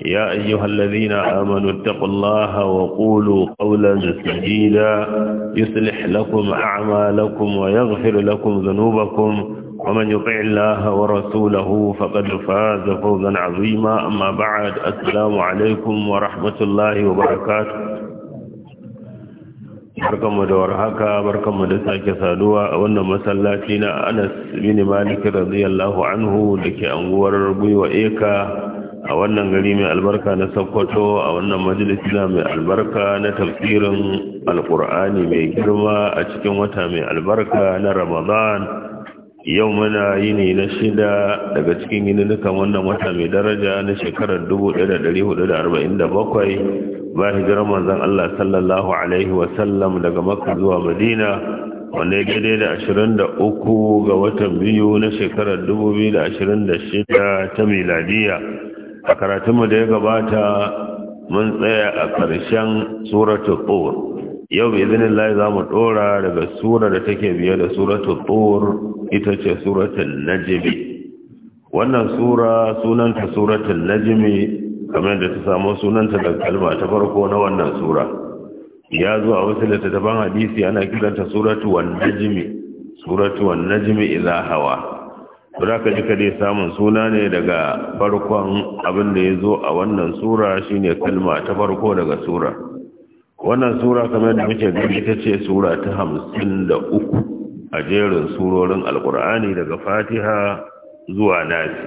يا أيها الذين آمنوا اتقوا الله وقولوا قولا سديدا يصلح لكم أعمالكم ويغفر لكم ذنوبكم ومن يطع الله ورسوله فقد فاز فوزا عظيما أما بعد السلام عليكم ورحمة الله وبركاته barkanmu da warhaka barkanmu da sake saduwa a wannan masallaci na Anas bin Malik radiyallahu anhu dake anguwar Buiwa Eka a wannan gari mai albarka na Sokoto a wannan na mai albarka na tafsirin alkur'ani mai girma a cikin wata mai albarka na Ramadan yau muna yini na shida daga cikin yininukan wannan wata mai daraja na shekarar 1447 ba hijirar zan Allah sallallahu alaihi wasallam daga Makka zuwa Madina wanda ya daidai da 23 ga watan biyu na shekarar 2026 ta miladiya a karatunmu da ya gabata mun tsaya a ƙarshen suratul tur yau bai izinin lai za mu ɗora daga sura da take biye da suratul tur ita ce suratul Najimi. wannan sura sunanta suratul Najimi, kamar da ta samu sunanta da kalma ta farko na wannan sura ya zo a wasu littattafan hadisi ana kiranta suratu najimi najmi suratu ila hawa to ka ji kade, samun suna ne daga farkon abin da ya zo a wannan sura shine kalma ta farko daga sura wannan sura kamar da muke gani ita ce sura ta hamsin da uku a jerin surorin alkur'ani daga fatiha zuwa nasi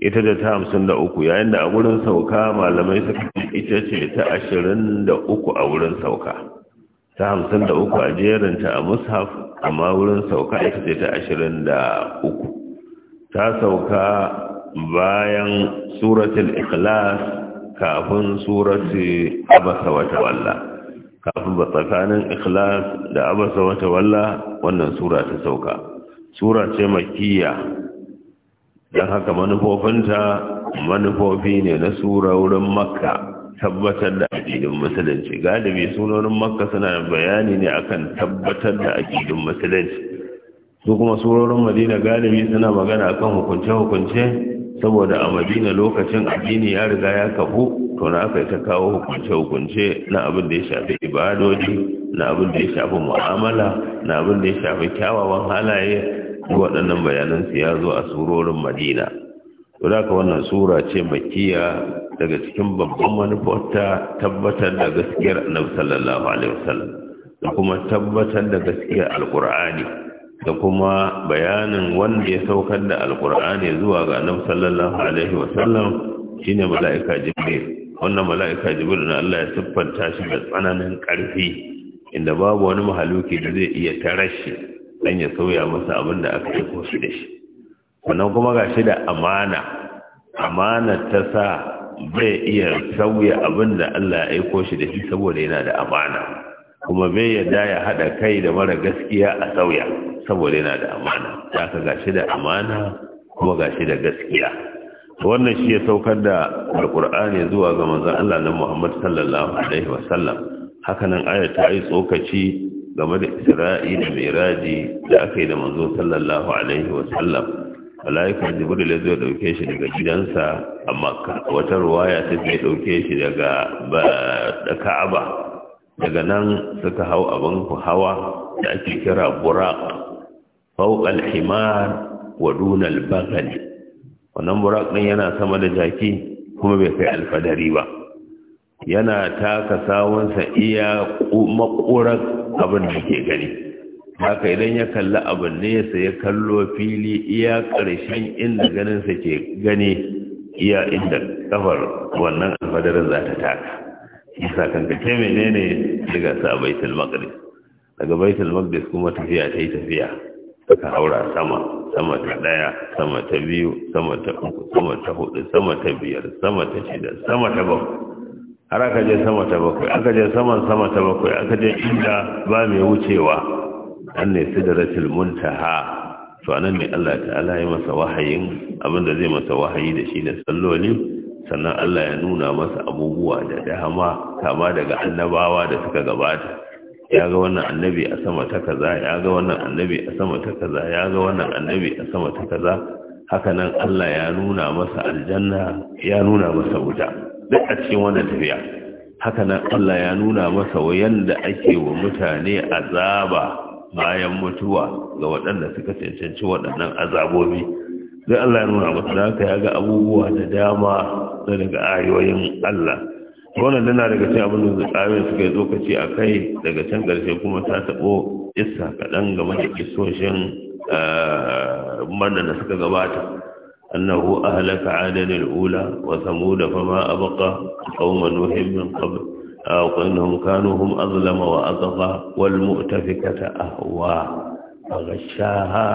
ita da ta hamsin da uku yayin da a wurin sauka malamai suka ita ce ta ashirin da uku a wurin sauka ta hamsin da uku a jerinta a mushaf amma wurin sauka ita ce ta ashirin da uku ta sauka bayan suratul ikhlas kafin surati abasa wa tawalla kafin ba tsakanin ikhlas da abasa wa tawalla wannan sura ta sauka sura ce makkiya dan haka manufofinta manufofi ne na sura wurin makka tabbatar da aƙidin musulunci galibi sunonin makka suna bayani ne akan tabbatar da aƙidin musulunci su kuma surorin madina galibi suna magana akan hukunce-hukunce saboda a madina lokacin addini ya riga ya kafu to na aka yi ta kawo hukunce-hukunce na abin da ya shafi ibadodi, na abin da ya shafi mu'amala na abin da ya shafi kyawawan halaye waɗannan bayanansu ya zo a surorin madina to da wannan sura ce makiya daga cikin babban manufarta tabbatar da gaskiyar annabi sallallahu alaihi wasallam da kuma tabbatar da gaskiyar alkur'ani da kuma bayanin wanda ya saukar da alkur'ani zuwa ga annabi sallallahu alaihi wasallam shine mala'ika jibril wannan mala'ika jibril na Allah ya siffanta shi da tsananin karfi inda babu wani mahaluki da zai iya tarashi dan ya sauya masa abin da aka yi shi da shi wannan kuma gashi da amana amana ta sa bai iya sauya abin da Allah ya aiko shi da shi saboda yana da amana kuma bai yadda ya haɗa kai da mara gaskiya a sauya saboda yana da amana ta ka gashi da amana kuma gashi da gaskiya wannan shi ya saukar da alkur'ani zuwa ga manzon Allah na Muhammad sallallahu alaihi wasallam haka nan ayat ta yi tsokaci game da isra'ila da Miraji da aka yi da manzo sallallahu alaihi wasallam malaikar Jibril ya zo dauke shi daga gidansa a Makka wata ruwaya ta ce dauke shi daga Ka'aba daga nan suka hau abin hawa da ake kira buraq fawq al-himar wa dun al-baghal wannan buraq din yana sama da jaki kuma bai kai alfadari ba yana taka sa iya makorar abin da ke gani haka idan ya kalli abin sai ya kallo fili iya ƙarshen inda ganinsa ke gani iya inda kafar wannan alfadarin za ta taka isa kankace menene daga sa baitul maqdis daga baitul maqdis kuma tafiya ta yi tafiya ta haura sama sama ta daya sama ta biyu sama ta uku sama ta hudu sama ta biyar sama ta shida sama ta bakwai har aka je sama ta bakwai aka je saman sama ta bakwai aka je inda ba mai wucewa an ne sidratul muntaha to anan ne Allah ta'ala ya masa wahayin abinda zai masa wahayi da shi da salloli sannan Allah ya nuna masa abubuwa da dama kama daga annabawa da suka gabata ya ga wannan annabi a sama ta kaza ya ga wannan annabi a sama ta kaza ya ga wannan annabi a sama ta kaza haka nan Allah ya nuna masa aljanna ya nuna masa wuta duk a cikin wannan tafiya haka nan Allah ya nuna masa wayanda ake wa mutane azaba bayan mutuwa ga waɗanda suka cancanci waɗannan azabobi da Allah ya nuna masa da haka ya ga abubuwa da dama da daga ayoyin Allah wannan dana daga cikin abin da zakarin suka yi tsokaci a kai daga can ƙarshe kuma ta taɓo isa kaɗan game da kisoshin eh, mannan da suka gabata annahu ahlaka adadin ula wa samu da fama abaka kauma nuhin min qabl aw kunhum kanu hum azlama wa azfa wal mu'tafikata ahwa ma gashaha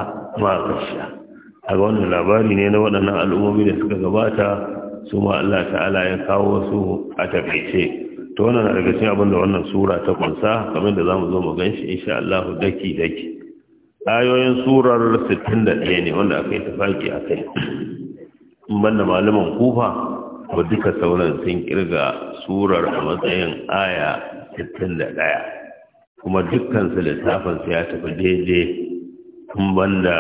Aga wannan labari ne na waɗannan al'ummomi da suka gabata su ma Allah ta'ala ya kawo su a takaice to wannan na daga cikin abin da wannan sura ta kunsa kamar da zamu zo mu ganshi insha Allah daki daki ayoyin surar 61 ne wanda aka yi tafaki akai banda malaman kufa ba duka sauran sun kirga surar a matsayin aya 61 kuma dukkan su littafin su ya tafi daidai kun banda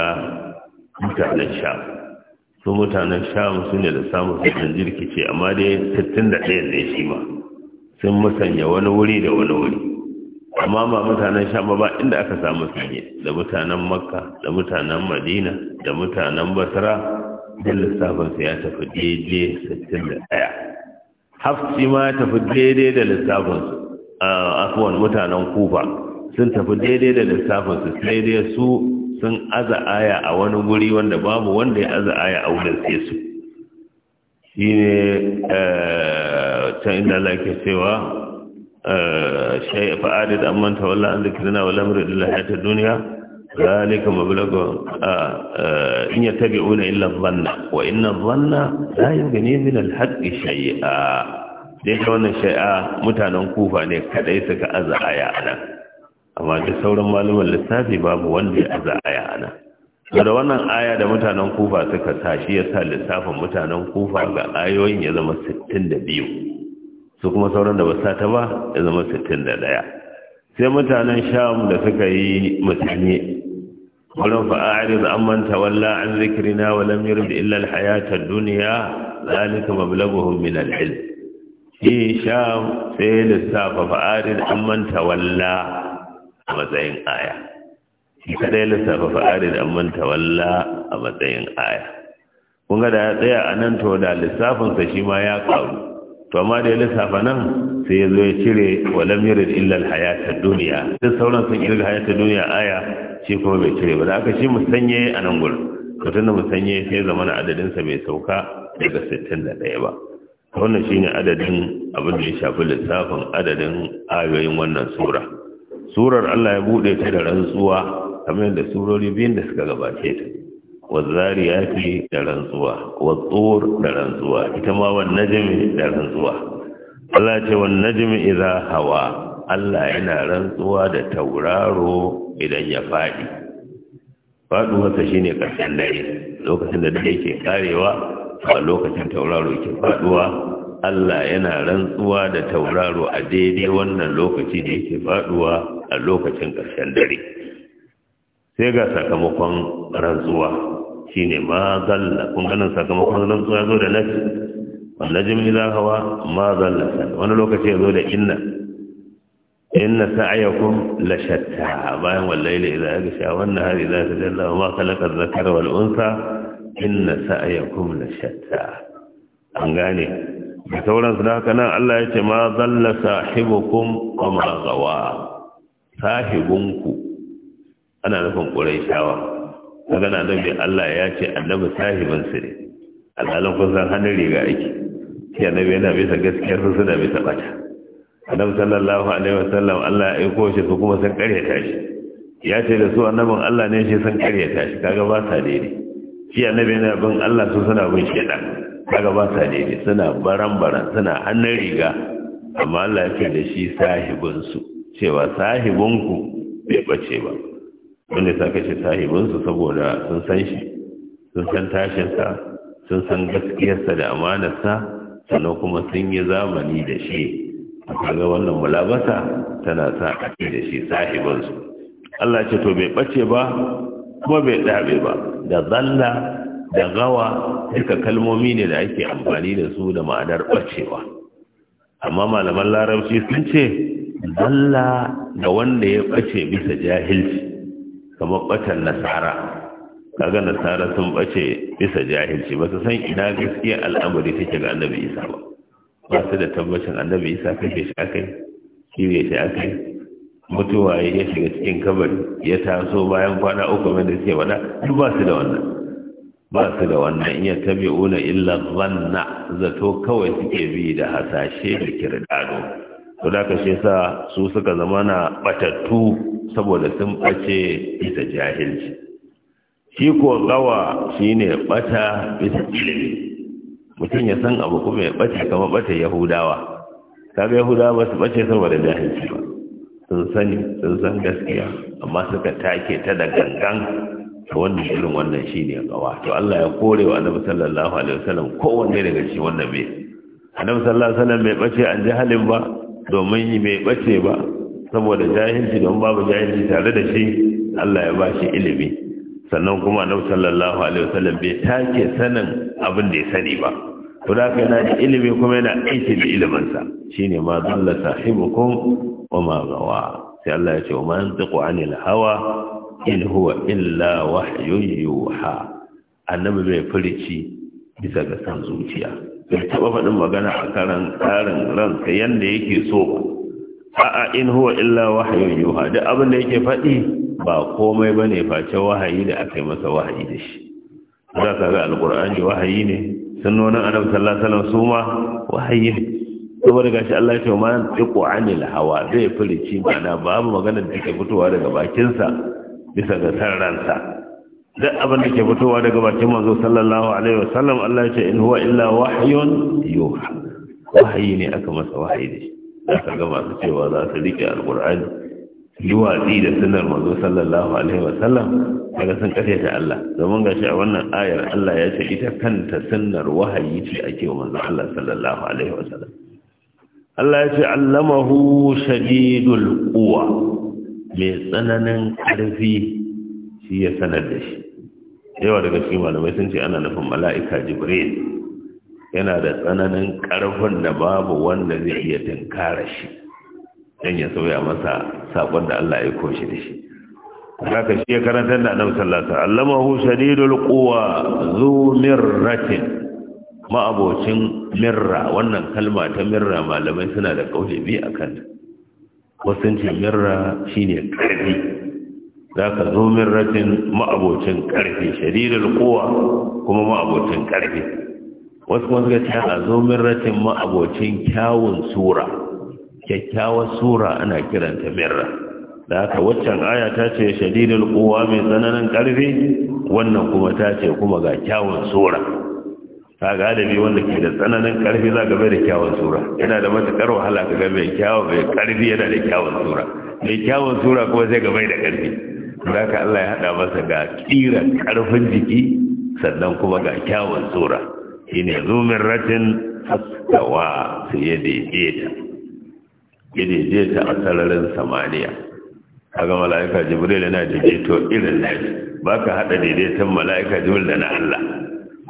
mutanen sham su mutanen sham su ne da samun sassan jirkice amma dai 61 ne shi ma sun musanya wani wuri da wani wuri amma ba mutanen sham ba inda aka samu sanye da mutanen makka da mutanen madina da mutanen basra duk lissafinsu ya tafi daidai 61 hafsi ma ya tafi daidai da lissafinsu a ah, afuwan mutanen kufa sun tafi daidai da lissafinsu sai dai su sun aza aya a wani guri wanda babu wanda ya aza aya a wurin sai su shi ne eh, can inda Allah ke cewa eh, shai fa'adid amman tawalla an na wa lamarin lillahi ta duniya ذلك مبلغ إن يتبعون إلا الظن وإن الظن yi يغني min الحق شيئا dai ta wannan shai'a mutanen kufa ne kadai suka aza aya a nan amma sauran malaman lissafi babu wanda ya aza aya ana da wannan aya da mutanen kufa suka sa shi ya sa lissafin mutanen kufa ga ayoyin ya zama 62 su kuma sauran da basa ta ba ya zama 61 sai mutanen sham da suka yi mutane ولو فأعرض عمن تولى عن ذكرنا ولم يرد إلا الحياة الدنيا ذلك مبلغهم من العلم Sham sai lissafa السافة فأعرض عمن تولى a matsayin aya shi kadai lissafa fa'arid amman tawalla a matsayin aya kun ga da ya tsaya a nan to da lissafinsa shi ma ya ƙaru. to amma da ya lissafa nan sai ya zo ya cire walam yurid illa alhayata duniya duk sauran sun irga hayata duniya aya shi kuma bai cire ba da aka shi musanye a nan gurin ka tunda musanye sai zamana adadinsa bai sauka daga 61 ba wannan shine adadin abin da ya shafi lissafin adadin ayoyin wannan sura surar Allah ya bude ta da rantsuwa kamar yadda surori biyun da suka gabace ta wazzariyati da rantsuwa watsur da rantsuwa ita ma wan najmi da rantsuwa Allah ce wan najmi idza hawa Allah yana rantsuwa da tauraro idan ya fadi wata shine karshen dare lokacin da dare ke karewa a lokacin tauraro ke faduwa Allah yana rantsuwa da tauraro a daidai wannan lokaci da yake faduwa a lokacin ƙarshen dare sai ga sakamakon rantsuwa shine ma zalla kun ganin sakamakon rantsuwa ya zo da nafi wanda jimni za hawa ma zalla wani lokaci ya zo da inna inna sa'ayakum la shatta bayan wallahi idza wannan hari za idza tajalla wa ma khalaqa adh-dhakara wal unsa inna sa'ayakum la shatta an gane da sauransu da haka nan Allah ya ce ma zalla sahibukum wa ma gawa sahibunku ana nufin ƙuraishawa kaga na nan bai Allah ya ce annabi sahibin su ne alhalin kusan hannun riga ake shi annabi yana bisa gaskiyar su suna bisa bata annabi sallallahu alaihi wasallam Allah ya aiko shi su kuma sun ta shi ya ce da su annabin Allah ne shi sun ta shi kaga ba sa daidai shi annabi yana bin Allah su suna bin shi kaga ba sa daidai suna baran baran suna hannun riga amma Allah ya ce da shi sahibinsu cewa sahibinku bai bace ba wanda ta kashe sahibinsu saboda sun san shi sun san tashinsa sun san gaskiyarsa da amanarsa sannan kuma sun yi zamani da shi a kaga wannan mulabasa tana sa ake da shi sahibinsu Allah ce to bai bace ba kuma bai dabe ba da zalla da gawa duka kalmomi ne da ake amfani da su da ma'anar bacewa amma malaman larabci sun ce dalla da wanda ya bace bisa jahilci kamar batan nasara kaga nasara sun bace bisa jahilci ba su san ina gaskiya al'amari take ga annabi isa ba ba su da tabbacin annabi isa kake shi akai kiwe shi akai mutuwa ya shiga cikin kabari ya taso bayan kwana uku mai da suke wada duk ba su da wannan ba su da wannan iya tabi'una illa zanna zato kawai suke bi da hasashe da kirdado to da ka shi sa su suka zama na batattu saboda sun bace bisa jahilci shi ko gawa shine bata bisa ilimi mutum ya san abu kuma ya bace kama bata yahudawa kaga yahudawa ba su bace saboda jahilci ba sun sani sun san gaskiya amma suka take ta da gangan wannan irin wannan shi ne gawa to Allah ya kore wa annabi sallallahu alaihi wasallam kowanne daga shi wannan bai annabi sallallahu alaihi wasallam bai bace an jahalin ba domin yi bai ɓace ba saboda jahilci don babu jahilci tare da shi Allah ya ba shi ilimi sannan kuma na sallallahu alaihi wasallam bai take sanin abin da ya sani ba to da kai na da ilimi kuma yana aiki da ilimin sa shine ma dalla sahibukum wa ma gawa sai Allah ya ce wa man taqu anil hawa in huwa illa wahyu yuha annabi bai furici bisa ga san zuciya bai taɓa faɗin magana a karan tsarin ransa yadda yake so ba a'a in huwa illa wahayin yuha duk abin da yake faɗi ba komai ba ne face wahayi da aka masa wahayi da shi za ka ga alƙur'ani wahayi ne nuna annabi sallallahu alaihi wasallam su ma wahayi ne saboda gashi Allah ya ce ma tiqu anil hawa zai furici mana babu magana da take fitowa daga bakinsa bisa ga san ransa duk abin da ke fitowa daga bakin manzo sallallahu alaihi wasallam Allah ya ce in huwa illa wahyun yuha wahayi ne aka masa wahayi ne aka gama masu cewa za su rike alqur'ani yuwatsi da sunnar manzo sallallahu alaihi wasallam daga sun kace ta Allah domin gashi a wannan ayar Allah ya ce ita kanta sunnar wahayi ce ake wa manzo Allah sallallahu alaihi wasallam Allah ya ce allamahu shadidul quwa mai tsananin ƙarfi shi ya sanar da shi yawa daga cikin malamai sun ce ana nufin mala'ika jibril yana da tsananin karfin da babu wanda zai iya tunkara shi don ya sauya masa saƙon da Allah ya koshi da shi haka shi ya karanta da annabi sallallahu alaihi wasallam allamahu shadidul quwa zu ma ma'abocin mirra wannan kalma ta mirra malamai suna da kauli bi akan wasu mirra shine karfi za ka zo min ratin ma'abocin ƙarfi sharirar kowa kuma ma'abocin ƙarfi wasu kuma suka ce a zo min ratin ma'abocin kyawun sura kyakkyawar sura ana kiranta mirra da aka waccan aya ta ce shadirar kowa mai tsananin ƙarfi wannan kuma ta ce kuma ga kyawun sura ta ga adabi wanda ke da tsananin ƙarfi za ka bai da kyawun sura yana da matuƙar wahala ka ga mai kyawun mai ƙarfi yana da kyawun sura mai kyawun sura kuma zai ga bai da ƙarfi za ka Allah ya haɗa masa ga ƙira ƙarfin jiki sannan kuma ga kyawun tsora shi ne zumin ratin haskawa su yi daidaita yi daidaita a sararin samaniya a ga mala'ika jibril yana daidaito irin nashi ba ka haɗa daidaiton mala'ika jibril da na Allah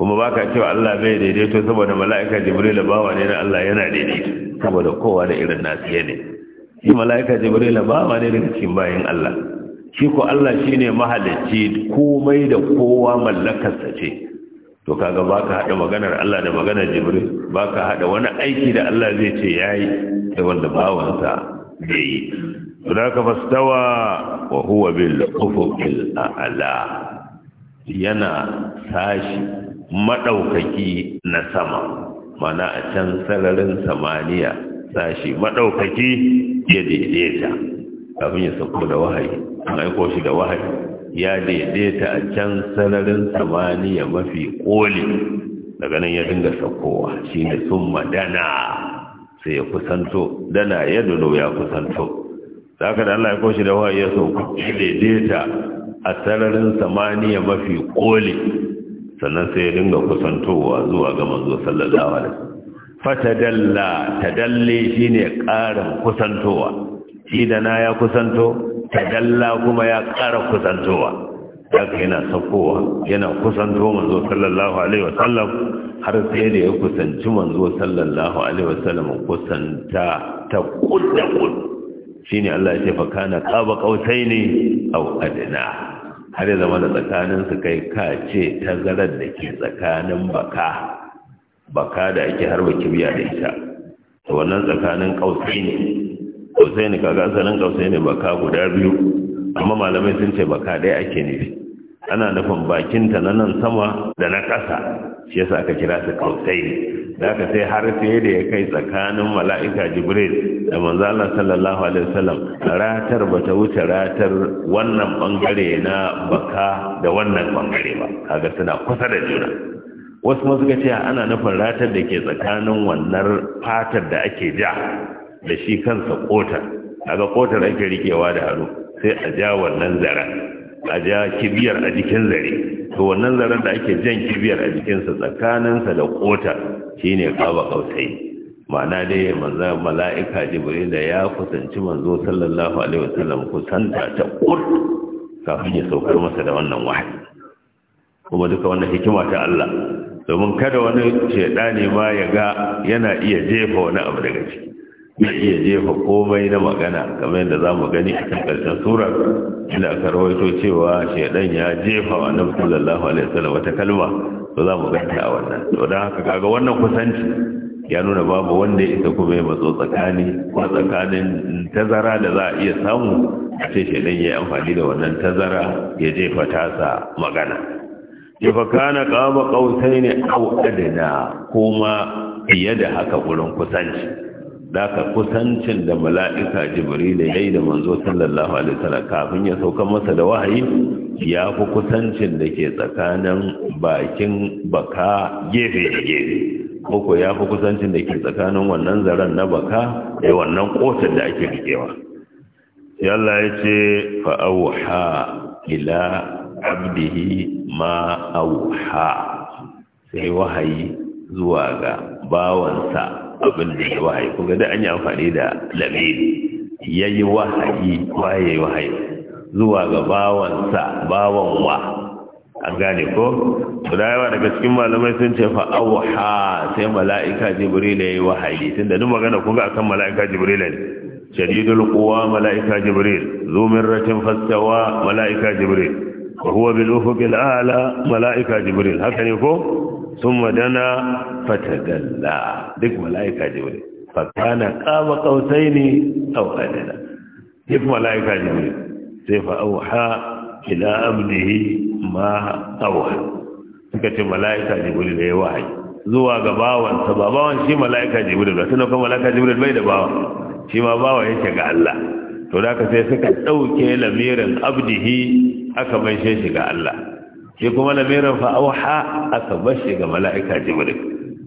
kuma ba ka cewa Allah bai daidaito saboda mala'ika jibril bawa ne na Allah yana daidaito saboda kowa da irin nasu yane. shi mala'ika jibril bawa ne daga cikin bayan Allah shi ko Allah ne mahalicci komai da kowa mallakarsa ce to kaga baka hada maganar Allah da maganar Jibril baka hada wani aiki da Allah zai ce yayi da wanda bawansa yayi ka fastawa wa huwa bil ufuqil a'la yana sashi madaukaki na sama mana a can sararin samaniya sashi maɗaukaki ya daidaita kafin ya sauko da wahayi an aiko shi da wahayi ya daidaita a can sararin samaniya mafi koli daga nan ya dinga saukowa shi ne sun madana sai ya kusanto dana ya dulo ya kusanto za ka da Allah ya koshi da wahayi ya sauko ya daidaita a sararin samaniya mafi koli sannan sai ya dinga kusantowa zuwa ga manzo sallallahu alaihi fatadalla tadalli shine ƙarin kusantowa shi na ya kusanto ta dalla kuma ya ƙara kusantowa daga yana saukowa yana kusanto manzo sallallahu alaihi wasallam har sai da ya kusanci manzo sallallahu alaihi wasallam kusanta ta kudda Shi shine Allah ya ce fa kana qaba qausaini aw adna har zama da tsakanin su kai ka ce tazarar da ke tsakanin baka baka da ake harba kibiya da ita to wannan tsakanin ne. kausai ne kaga asalin kausai ne baka guda biyu amma malamai sun ce baka ɗaya ake nufi ana nufin bakin ta na nan sama da na ƙasa shi yasa aka kira su kausai da aka sai har sai da ya kai tsakanin mala'ika jibril da manzo Allah sallallahu alaihi wasallam ratar ta wuce ratar wannan bangare na baka da wannan bangare ba kaga suna kusa da juna wasu masu ana nufin ratar da ke tsakanin wannan fatar da ake ja da shi kansa kotar kaga kotar ake rikewa da hannu sai a ja wannan zaren a ja kibiyar a jikin zare to wannan zaren da ake jan kibiyar a jikinsa tsakaninsa da kotar shine kaba kausai ma'ana dai manza mala'ika jibril da ya kusanci manzo sallallahu alaihi wasallam kusanta ta kur kafin ya saukar masa da wannan wahayi kuma duka wannan hikima ta Allah domin kada wani shedani ma ya ga yana iya jefa wani abu daga ciki ya iya jefa komai na magana kamar yadda za mu gani a kan ƙarshen surar inda aka rawaito cewa shaidan ya jefa wa annabi sallallahu alaihi wasallam wata kalma to za mu ganta a wannan to dan haka kaga wannan kusanci ya nuna babu wanda ya isa kuma ya matso tsakani ko tsakanin tazara da za a iya samu a ce shaidan ya yi amfani da wannan tazara ya jefa tasa magana kana kama kausai ne au adana kuma fiye da haka wurin kusanci ka kusancin da mala'ika jibril ya yi da manzo sallallahu alaihi wasallam kafin ya sauka masa da wahayi ya fi kusancin da ke tsakanin bakin baka gefe da gefe koko ya fi kusancin da ke tsakanin wannan zaren na baka da wannan kotar da ake rikewa yalla ya ce fa'auha ila abdihi ma auha sai wahayi zuwa ga bawansa abin da ya wahayi kuma da an yi amfani da lamiri ya yi wahayi waye wahayi zuwa ga bawansa bawan wa an gane ko yawa daga cikin malamai sun ce fa awha sai mala'ika jibril ya yi wahayi tunda duk magana kun ga akan mala'ika jibril ne shadidul quwa mala'ika jibril zumirratin fastawa mala'ika jibril wa huwa bil ufuqil a'la malaika jibril haka ne ko thumma dana fatadalla duk malaika jibril fa kana qaba qausaini aw adana duk malaika jibril sai fa auha ila abdihi ma auha suka ce malaika jibril ne wahayi zuwa ga ba bawan shi malaika jibril ba kuma malaika da shi ma bawa yake ga Allah to da ka sai suka dauke lamirin abdihi aka maishe shi ga Allah shi kuma lamirin fa auha aka bashi ga mala'ika jibril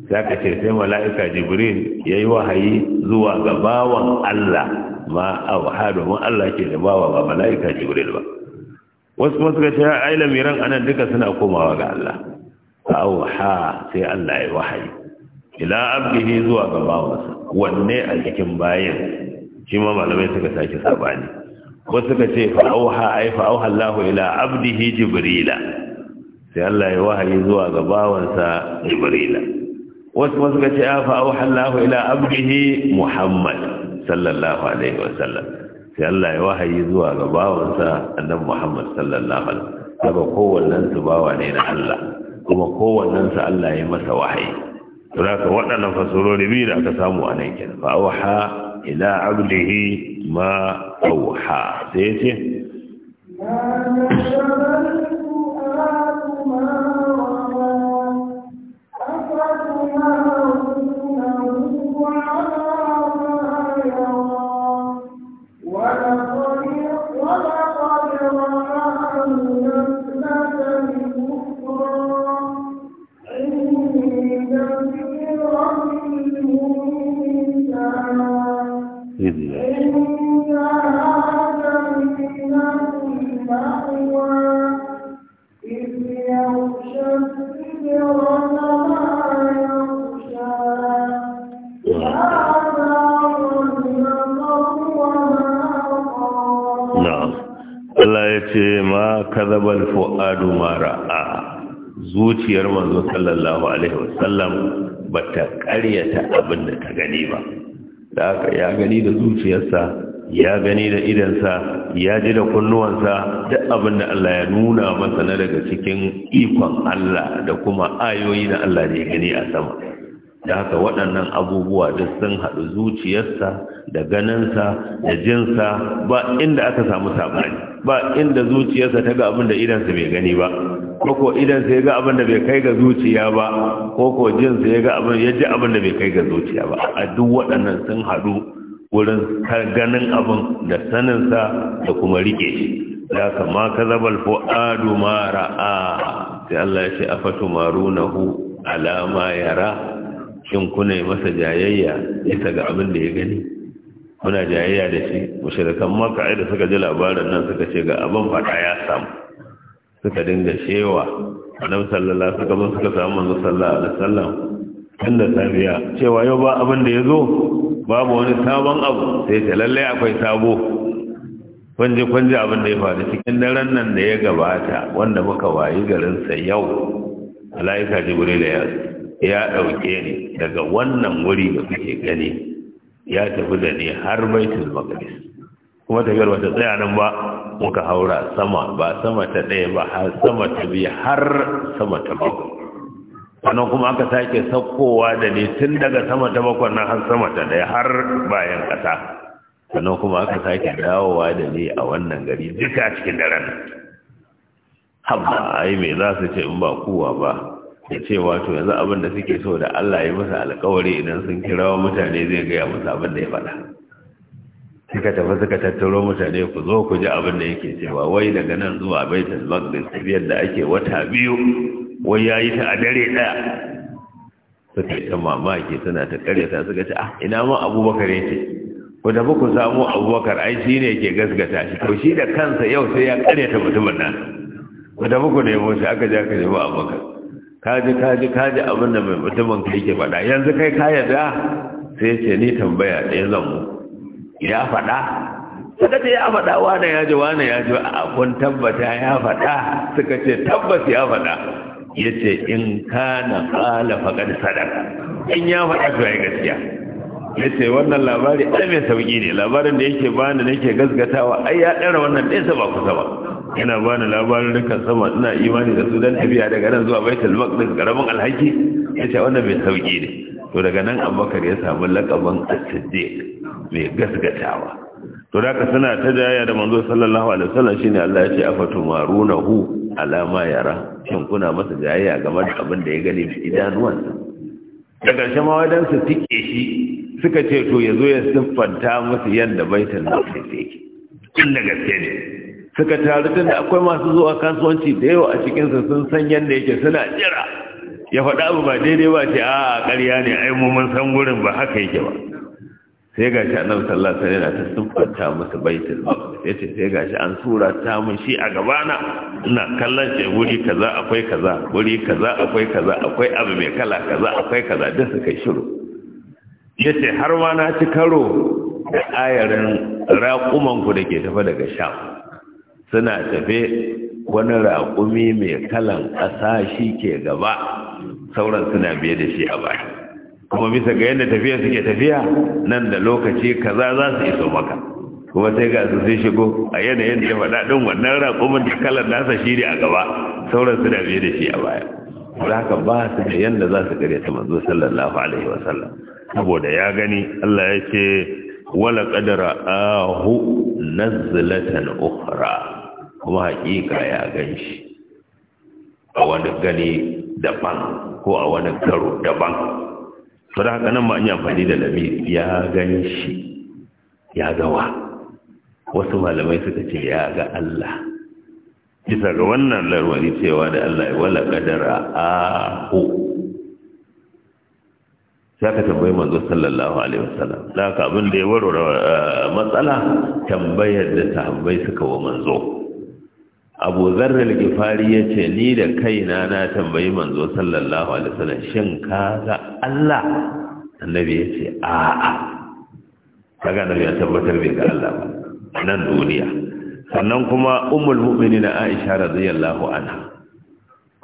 sai aka ce sai mala'ika jibril yayi wahayi zuwa ga bawan Allah ma auha domin Allah ke da bawa ba mala'ika jibril ba wasu kuma suka ce ai lamiran anan duka suna komawa ga Allah fa auha sai Allah ya wahayi ila abdihi zuwa ga bawansa wanne a cikin bayan shi ma malamai suka sake sabani wasu ka ce fa'auha ai fa'auha Allah ila abdihi jibrila sai Allah ya wahayi zuwa ga bawansa jibrila wasu ka ce fa'auha Allah ila abdihi muhammad sallallahu alaihi wasallam sai Allah ya wahayi zuwa ga bawansa annabi muhammad sallallahu alaihi wasallam daga kowannen su bawa ne na Allah kuma kowannen su Allah ya masa wahayi to haka waɗannan fasurori biyu da aka samu a nan kenan fa'auha ila abdihi ma auha sai ce kadhabal fuadu ma zuciyar manzo sallallahu alaihi wasallam bata ƙaryata abin da ta gani ba da haka ya gani da zuciyarsa ya gani da idansa ya ji da kunnuwansa duk abin da Allah ya nuna masa na daga cikin ikon Allah da kuma ayoyi na Allah da ya gani a sama da haka waɗannan abubuwa duk sun haɗu zuciyarsa da ganinsa da jinsa ba inda aka samu saɓani ba inda zuciyarsa ta ga abin da idansa bai gani ba koko idansa ya ga abin da bai kai ga zuciya ba koko jinsa ya ga abin ya ji abin da bai kai ga zuciya ba a duk waɗannan sun haɗu wurin ganin abin da saninsa da kuma rike shi da kama ka zabal fu'adu ma ra'a sai Allah ya ce afatu marunahu alama yara shin kuna masa jayayya bisa ga abin da ya gani muna jayayya da shi mushrikan makka ai da suka ji labarin nan suka ce ga abin fada ya samu suka dinga shewa annabi sallallahu alaihi wasallam suka samu manzo sallallahu alaihi wasallam inda safiya cewa yau ba abin da yazo babu wani sabon abu sai ta lalle akwai sabo kunje kunje abin da ya faru cikin daren nan da ya gabata wanda muka wayi garin sa yau malaika jibril ya ya dauke ni daga wannan wuri da kuke gani ya tafi da ni har baitul maqdis kuma tafiyar ba ta tsaya nan ba muka haura sama ba sama ta ɗaya ba har sama ta biyu har sama ta bakwai wannan kuma aka sake saukowa da ni tun daga sama ta bakwai nan har sama ta ɗaya har bayan ƙasa sannan kuma aka sake dawowa da ni a wannan gari duka cikin daren Haba, ai me za su ce in ba kuwa ba ya ce wato yanzu abin da suke so da Allah ya masa alkawari idan sun kirawo mutane zai gaya musu abin da ya faɗa suka tafi suka tattaro mutane ku zo ku ji abin da yake cewa wai daga nan zuwa baitul maqdis tafiyar da ake wata biyu wai yayi ta a dare daya suka ta mamaki suna ta ta suka ce ah ina ma abubakar yake ku da ku samu abubakar ai shi ne ke gasgata shi to shi da kansa yau sai ya ta mutumin nan ku tafi ku nemo shi aka ja ka nemo abubakar kaji kaji kaji abin da mai mutumin kai ke faɗa yanzu kai ka yadda sai ce ni tambaya ɗaya ya mu ya faɗa suka ce ya faɗa wane ya ji wane ya ji a kun tabbata ya faɗa suka ce tabbas ya faɗa ya ce in ka na ƙala faƙar sadaka in ya faɗa to ya gaskiya ya ce wannan labari ɗan mai sauƙi ne labarin da yake bani nake gasgatawa ai ya ɗara wannan ɗaya ba kusa ba yana ba ni labarin rikan sama ina imani da su don tafiya daga nan zuwa baitul maqdis karamin alhaki ya ce wannan mai sauki ne to daga nan abubakar ya samu lakaban asidde mai gasgatawa to da ka suna ta jaya da manzo sallallahu alaihi wasallam shine Allah ya ce ala alama yara shin kuna masa jayayya game da abin da ya gani da idanuwansa da ƙarshe ma su tike shi suka ce to ya zo ya siffanta musu yanda baitul na yake da gaske ne suka tare tun da akwai masu zuwa kasuwanci da yawa a cikinsu sun san yadda yake suna jira ya faɗa abu ba daidai ba ce a ƙarya ne ai mu mun san gurin ba haka yake ba sai ga shi annabi sallallahu alaihi wasallam ta siffanta musu baitul maqdis yace sai ga shi an sura ta mun shi a gabana ina kallon shi wuri kaza akwai kaza wuri kaza akwai kaza akwai abu mai kala kaza akwai kaza duk suka shiru yace har ma na ci karo da ayarin raƙuman ku da ke tafa daga sham suna tafe wani raƙumi mai kalan ƙasa shi ke gaba sauran suna biye da shi a baya kuma bisa ga yadda tafiya suke tafiya nan da lokaci kaza za su iso maka kuma sai ga su sai shigo a yanayin da faɗa ɗin wannan raƙumin da kalan nasa shi ne a gaba sauran suna biye da shi a baya da haka ba su da yadda za su ta manzo sallallahu alaihi wa sallam. saboda ya gani Allah ya ce wala qadara ahu nazlatan ukhra kuma haƙiƙa ya gan shi a wani gani daban ko a wani karo daban to da haka nan ma an yi amfani da lami ya gan shi ya gawa wasu malamai suka ce ya ga Allah bisa ga wannan larwari cewa da Allah ya wala kadara ahu ya ka tambayi manzo sallallahu alaihi wasallam da ka abin da ya warware eh, matsala tambayar da tambayi suka wa manzo abu zarral gifari ya ce ni da kaina na tambayi manzo sallallahu alaihi wasallam shin ka ga Allah annabi ya ce a'a kaga annabi ya tabbatar bai ga Allah ba nan duniya sannan kuma ummul mu'minina Aisha radhiyallahu anha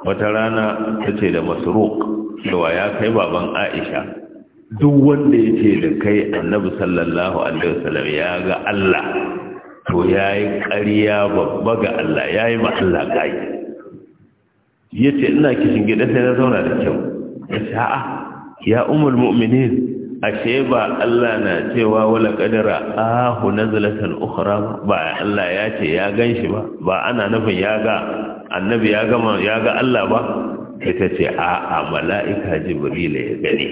wata rana tace da masruq cewa ya kai baban Aisha duk wanda yake da kai annabi sallallahu alaihi wasallam ya ga Allah to ya yi ƙarya babba ga Allah ya yi Allah gayi ya ce ina kishin gida sai na zauna da kyau ya ce ha'a ya umar mu'minin ashe ba Allah na cewa wala ƙadara ahu na zalatan ukura ba Allah ya ce ya gan shi ba ba ana nufin ya ga annabi ya gama yaga ga Allah ba sai ta ce a'a mala'ika jibril ya gani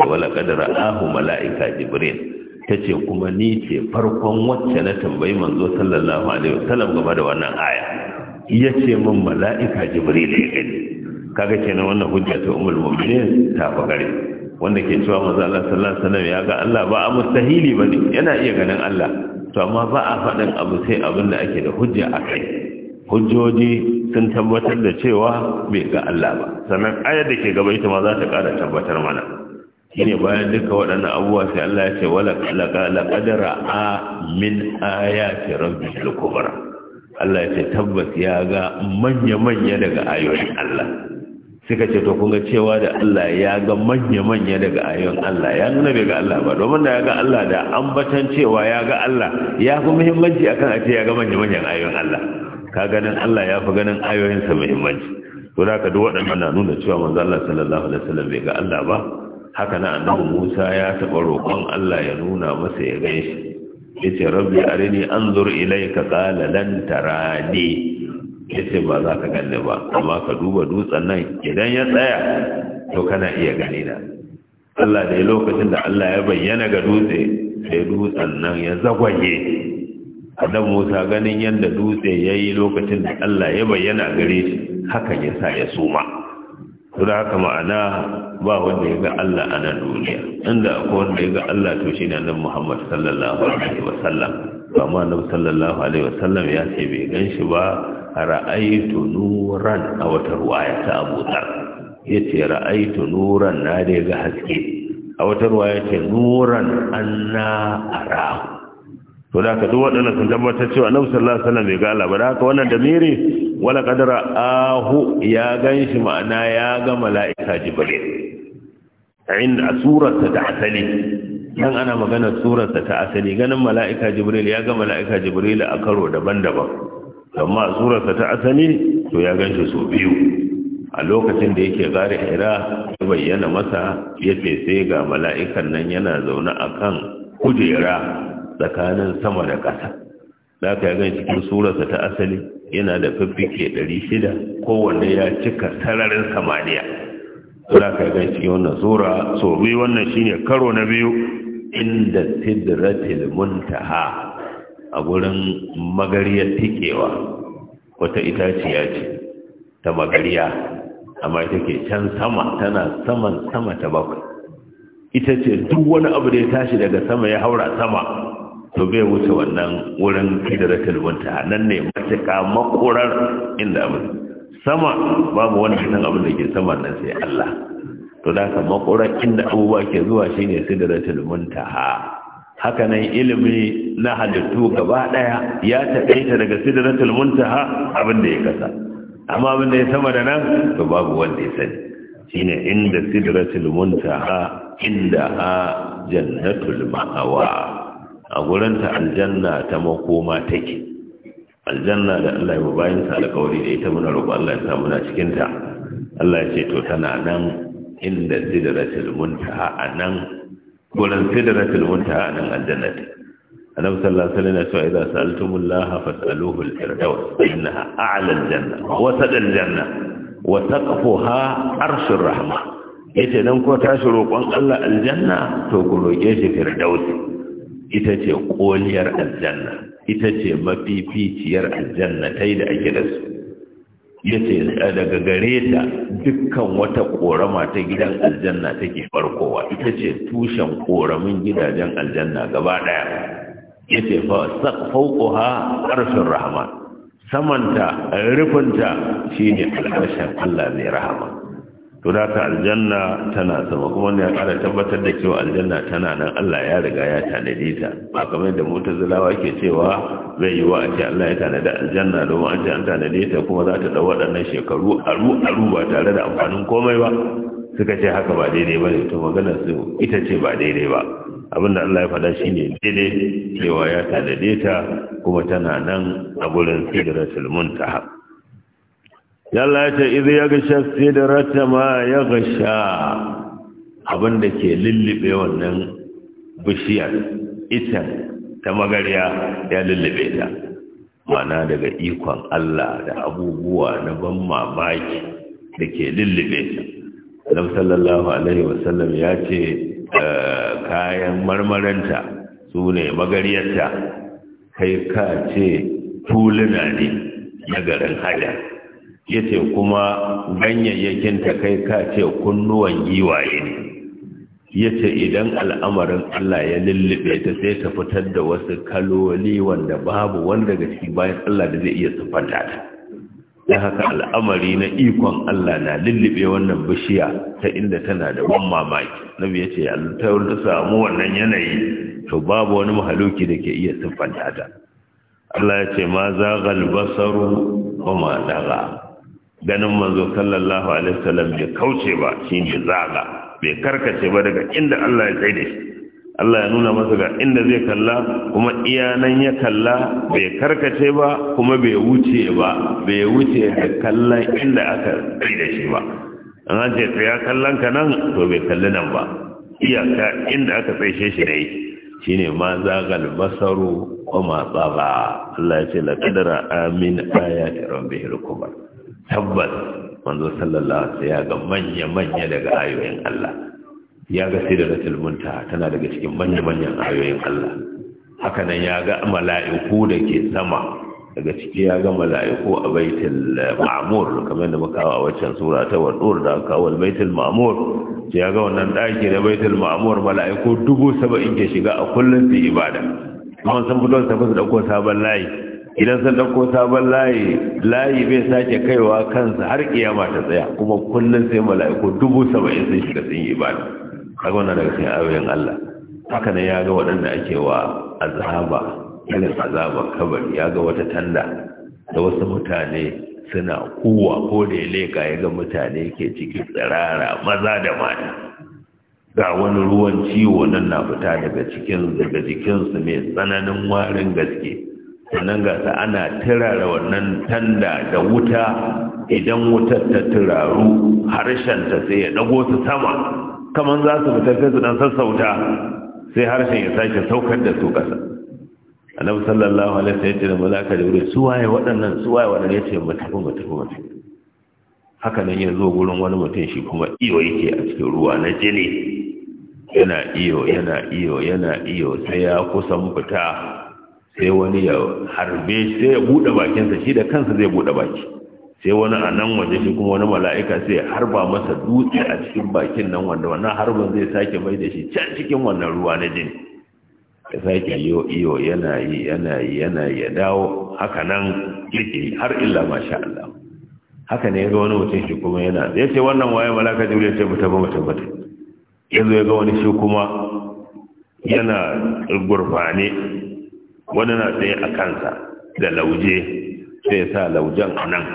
wala ƙadara ahu mala'ika jibril ta ce kuma ni ce farkon wacce na tambayi manzo sallallahu alaihi wasallam game da wannan aya ya ce min mala'ika jibril ya gani kaga kenan wannan hujja ta ummul mu'minin ta fakare wanda ke cewa manzo Allah sallallahu alaihi wasallam ya ga Allah ba a mustahili bane yana iya ganin Allah to amma ba a faɗin abu sai abin da ake da hujja a kai hujjoji sun tabbatar da cewa bai ga Allah ba sannan ayar da ke gaba ita ma za ta kara tabbatar mana shine bayan duka waɗannan abubuwa sai Allah ya ce wala laqala qadara a min ayati rabbil kubra Allah ya ce tabbas ya ga manya-manya daga ayoyin Allah suka ce to kun ga cewa da Allah ya ga manya-manya daga ayoyin Allah ya nuna bai ga Allah ba domin da ya ga Allah da ambatan cewa ya ga Allah ya fi muhimmanci akan a ce ya ga manya-manyan ayoyin Allah ka ganin Allah ya fi ganin ayoyinsa muhimmanci to da ka duk waɗannan na nuna cewa manzo Allah sallallahu alaihi wasallam bai ga Allah ba haka na annabi Musa ya taɓa roƙon Allah ya nuna masa ya gan shi ya rabbi arini anzur ilayka qala lan tarani ya ba za ka ganni ba amma ka duba dutsen nan idan ya tsaya to kana iya gani na Allah dai lokacin da Allah ya bayyana ga dutse sai dutsen nan ya zagwaye annabi Musa ganin yanda dutse yayi lokacin da Allah ya bayyana gare shi hakan ya sa ya suma. don haka ma'ana ba wanda ya ga Allah a nan duniya inda akwai wanda ya ga Allah to shi ne nan Muhammad sallallahu alaihi wa sallam amma nan sallallahu alaihi wa sallam ya ce bai gan shi ba ra'aytu nuran a wata ruwaya ta Abu Dhar yace ra'aytu nuran na da ga haske a wata ruwaya ce nuran anna arahu to da ka duk waɗannan sun tabbatar cewa Annabi sallallahu alaihi wa sallam bai ga Allah ba da haka wannan da damiri wala kadara ahu ya gan shi ma'ana ya ga mala'ika jibril ain surarsa ta asali dan ana magana surarsa ta asali ganin mala'ika jibril ya ga mala'ika jibril a karo daban-daban amma surarsa ta asali to ya gan shi so biyu a lokacin da yake gari hira ya bayyana masa ya ce sai ga mala'ikan nan yana zaune a kan kujera tsakanin sama da ƙasa za ka yi gan cikin surarsa ta asali yana da fifike ɗari shida kowanne ya cika sararin samaniya sura ka gan shi wannan zura so bi wannan shine karo na biyu inda sidratil muntaha a gurin magariyar tikewa wata itaciya ce ta magariya amma ita ke can sama tana saman sama ta bakwai ita ce duk wani abu da ya tashi daga sama ya haura sama to bai wuce wannan wurin kidaratul muntaha nan ne matuƙa makurar inda abin sama babu wani san abin da ke sama nan sai Allah to da ka makurar inda abubuwa ke zuwa shine sidratul muntaha haka nan ilimi na halittu gaba daya ya taƙaita daga sidratul muntaha abin da ya kasa amma abin da ya sama da nan to babu wanda ya sani shine inda sidratul muntaha inda ha jannatul ma'awa a gurinta aljanna ta makoma take aljanna da Allah ya bayin sa alƙawari da ita muna roƙo Allah ya sa muna cikin ta Allah ya ce to tana nan inda sidratul muntaha anan gurin sidratul muntaha anan aljanna ta annabi sallallahu alaihi wasallam ya ce idza sa'altumullaha fas'aluhu al-firdaus innaha a'la al-janna wa al janna wa saqfuha arshur rahmah yace dan ko tashi roƙon Allah aljanna to ku roƙe shi firdausi ita ce koliyar aljanna ita ce mafificiyar aljanna ta da ake da su ya ce daga gare ta dukkan wata ƙorama ta gidan aljanna take farkowa ita ce tushen ƙoramin gidajen aljanna gaba daya ya ce fauƙoha ƙarshen rahama samanta rufinta shine al'arshen allah mai rahama to da ka aljanna tana sama kuma ne ya kara tabbatar da cewa aljanna tana nan Allah ya riga ya tanade ta ba kamar da mutazilawa ke cewa zai yi wa a Allah ya tanadi aljanna domin an ce an tanade ta kuma za ta dau waɗannan shekaru aru aru ba tare da amfanin komai ba suka ce haka ba daidai ba ne to maganar su ita ce ba daidai ba abin da Allah ya faɗa shine daidai cewa ya tanade ta kuma tana nan a gurin sidratul muntaha yalla ya ce idan ya sidrata ma ya gasha abinda ke lullube wannan bishiyar ita ta magariya ya lullube ta mana daga ikon Allah da abubuwa na ban mamaki da ke lullube ta Allah sallallahu alaihi wasallam ya ce eh, kayan marmaranta su ne magariyarta kai ka ce tuluna ne na garin hada yace kuma ganyayyakin ta kai ka ce kunnuwan giwaye ne yace idan al'amarin Allah ya lullube ta sai ta fitar da wasu kaloli wanda babu wanda daga cikin bayan Allah da zai iya sufanta ta da haka al'amari na ikon Allah na lullube wannan bishiya ta inda tana da ban mamaki nabi ya ce ta samu wannan yanayi to babu wani mahaluki da ke iya sufanta ta Allah ya ce ma zagal basaru kuma daga ganin manzo sallallahu alaihi wasallam bai kauce ba shine zaga bai karkace ba daga inda Allah ya tsaye Allah ya nuna masa ga inda zai kalla kuma iyanan ya kalla bai karkace ba kuma bai wuce ba bai wuce da kallon inda aka tsaye da shi ba an ce tsaya kallon ka nan to bai kalli nan ba iyaka inda aka tsaye shi dai. yi shine ma zagal basaru kuma ma tsaba Allah ya ce la qadara amin ayati rabbihil kubar tabbas manzo sallallahu alaihi wasallam ya ga manya-manya daga ayoyin Allah ya ga sidratul muntaha tana daga cikin manya-manyan ayoyin Allah haka nan ya ga mala'iku da ke sama daga ciki ya ga mala'iku a baitul ma'mur kamar da muka a waccan sura ta wadur da kawo baitul ma'mur sai ya ga wannan daki da baitul ma'mur mala'iku 70 ke shiga a kullun su ibada kuma sun fito su dauko sabon layi idan sun ɗauko sabon layi layi bai sake kaiwa kansa har kiyama ta tsaya kuma kullum sai mala'iku dubu saba'in sun shiga sun yi ibada a gwana daga cikin ayoyin Allah haka ne ya ga waɗanda ake wa azaba irin azaba kabari ya ga wata tanda da wasu mutane suna kuwa ko da ya leka ya ga mutane ke cikin tsirara maza da mata ga wani ruwan ciwo nan na fita daga cikin daga jikinsu mai tsananin warin gaske sannan ga ta ana turara wannan tanda da wuta idan wutar ta turaru harshen ta sai ya dago su sama Kaman za su fitar sai su dan sassauta sai harshen ya sake saukar da su kasa annabi sallallahu alaihi wasallam ya ce da malaka da wuri su waye waɗannan su waye waɗannan ya ce mutum mutum mutum haka nan ya zo gurin wani mutum shi kuma iyo yake a cikin ruwa na jini yana iyo yana iyo yana iyo sai ya kusan fita sai wani ya harbe sai ya buɗe bakinsa shi da kansa zai buɗe baki sai wani a nan waje shi kuma wani mala'ika sai harba masa dutse a cikin bakin nan wanda wannan harbin zai sake mai da shi can cikin wannan ruwa na jini ya sake iyo iyo yana yi yana yi yana ya dawo haka nan kirkiri har illa masha Allah haka ne ya ga wani mutum shi kuma yana ya ce wannan waye mala’ika jibril ya ce mu mutum mu ya zo ya ga wani shi kuma yana gurfane wani na tsaye a kansa da lauje sai sa laujen a nan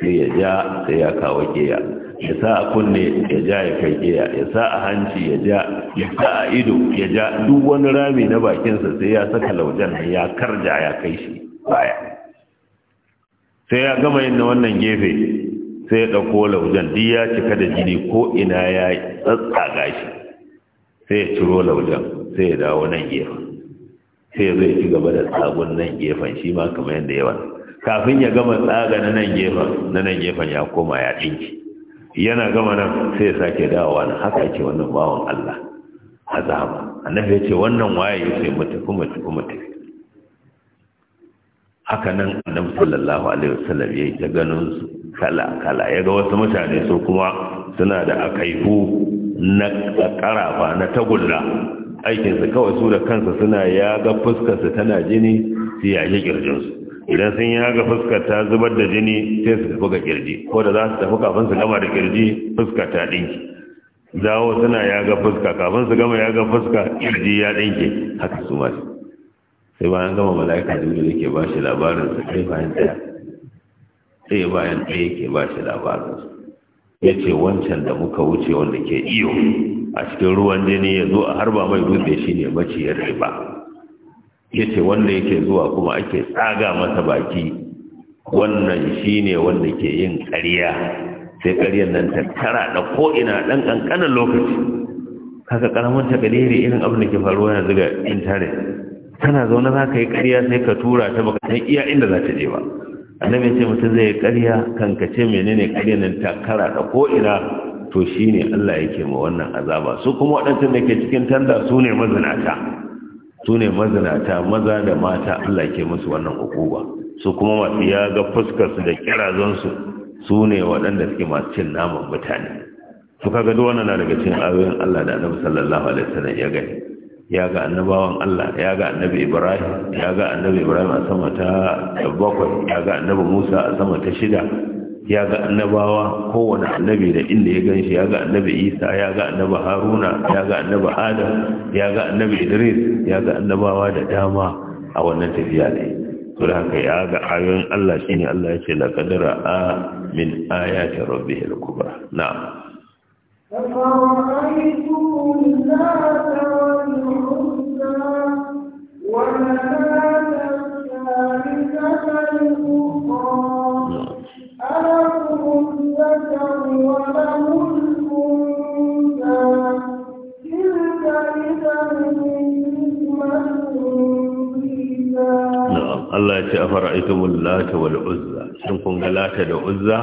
sai ya ja sai ya kawo keya ya sa a kunne ya ja ya kai keya ya sa a hanci ya ja ya sa a ido ya ja duk wani rami na bakinsa sai ya saka laujen nan ya karja ya kai shi baya sai ya gama yin na wannan gefe sai ya ɗauko laujen duk ya cika da jini ko ina ya tsatsaga shi sai ya ciro laujen sai ya dawo nan gefe. sai zai ci gaba da tsagon nan gefen shi ma kamar yadda yawan kafin ya gama tsaga na nan gefen na nan gefen ya koma ya ɗinki yana gama nan sai ya sake dawowa na haka ce wannan bawon Allah azaba annabi ya ce wannan waye ya ce mutu kuma mutu kuma mutu haka nan annabi sallallahu alaihi wasallam ya ta ganin su kala kala ya ga wasu mutane su kuma suna da akaifu na karafa na tagulla Aikinsa kawai su da kansa suna ya ga fuskarsa tana jini su yaƙi ƙirjinsu idan sun ya ga fuskar ta zubar da jini sai su tafi ga ƙirji ko da za su tafi kafin su gama da ƙirji fuska ta ɗinki dawo suna ya ga fuska kafin su gama ya ga fuska ƙirji ya ɗinke haka su ma sai bayan gama mala'ika jibril yake ba shi labarin sa sai bayan ta sai bayan ta yake ba shi labarin sa ya ce wancan da muka wuce wanda ke iyo a cikin ruwan jini ya zo a harba mai dutse shi ne maciyar riba ya ce wanda yake zuwa kuma ake tsaga masa baki wannan shi ne wanda ke yin ƙariya sai ƙariyar nan ta tara da ko'ina ɗan ƙanƙanin lokaci kaka ƙaramin takalere irin abin da ke faruwa yanzu ga intanet tana zaune za ka yi ƙariya sai ka tura ta baka san iya inda za ta je ba annabi ce mutum zai yi ƙarya kankace menene ƙarya nan ta kara da ko'ina to shi ne Allah yake ma wannan azaba su kuma waɗancan da ke cikin tanda su ne mazinata su ne mazinata maza da mata Allah ke musu wannan hukuba su kuma masu ya ga fuskarsu da kirazansu su ne waɗanda suke masu cin naman mutane su kaga duk wannan na daga cikin ayoyin Allah da Annabi sallallahu alaihi wasallam ya gani ya ga annabawan Allah ya ga annabi Ibrahim ya ga annabi Ibrahim a sama ta bakwai ya ga annabi Musa a sama ta shida ya ga annabawa kowane annabi da inda ya ganshi. shi ya ga annabi isa ya ga annabi haruna ya ga annabi adam ya ga annabi idris ya ga annabawa da dama a wannan tafiya ne to da haka ya ga ayoyin allah shine allah ya ce la kadara a min ayati rabbihil kubra na'am وَمَا Allah ya ce a ita mulata wal uzza shin kun ga lata da uzza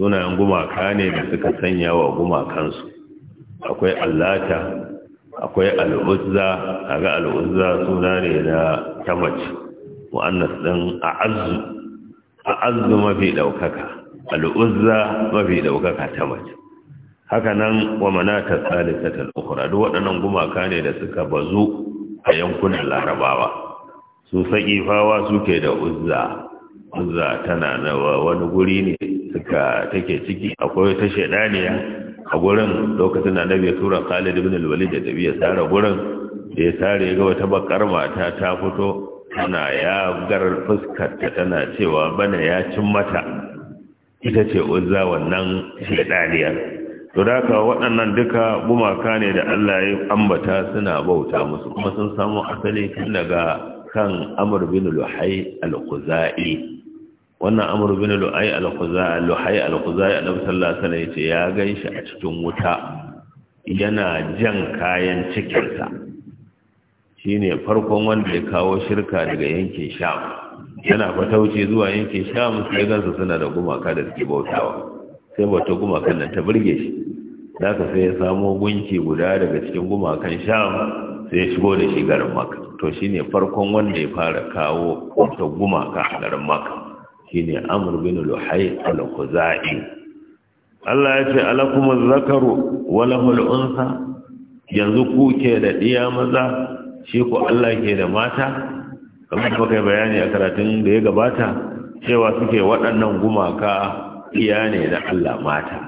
sunayen gumaka ne da suka sanya wa gumakansu akwai allata akwai al'uzza A ga al'uzza suna ne na tamaci wa'annas ɗin a azu mafi ɗaukaka. al'uzza mafi ta tamaci haka nan wa manata salisatul ukhra duk waɗannan gumaka ne da suka bazu a yankunan larabawa su fawa suke da uzza uzza tana na wani guri ne suka take ciki akwai ta shaidaniya a gurin lokacin da nabi ya tura Khalid ibn al-Walid da tabi tsara gurin da ya tare ga wata bakar mata ta fito tana ya gar fuskar ta tana cewa bana ya cin mata ita ce uzza wannan shaidaniyar to da ka waɗannan duka gumaka ne da Allah ya ambata suna bauta musu kuma sun samu asali tun daga kan amur bin luhai al kuzai wannan amur bin luhai al kuzai luhai al kuzai annabi sallallahu alaihi wasallam yace ya ganshi a cikin wuta yana jan kayan cikinsa shine farkon wanda ya kawo shirka daga yankin sham yana fatauci zuwa yankin sham sai gansa suna da gumaka da suke bautawa sai bata gumakan nan ta burge shi zaka sai ya samo gunki guda daga cikin gumakan sham sai shigo da shi garin maka to shi ne farkon wanda ya fara kawo wata gumaka a garin maka shi ne amur bin luhai al-kuza'i Allah ya ce alakuma zakaru wani hulunsa? yanzu ku ke da ɗiya maza shi ku Allah ke da mata kamar da kai bayani a karatun da ya gabata cewa suke waɗannan gumaka iya ne na Allah mata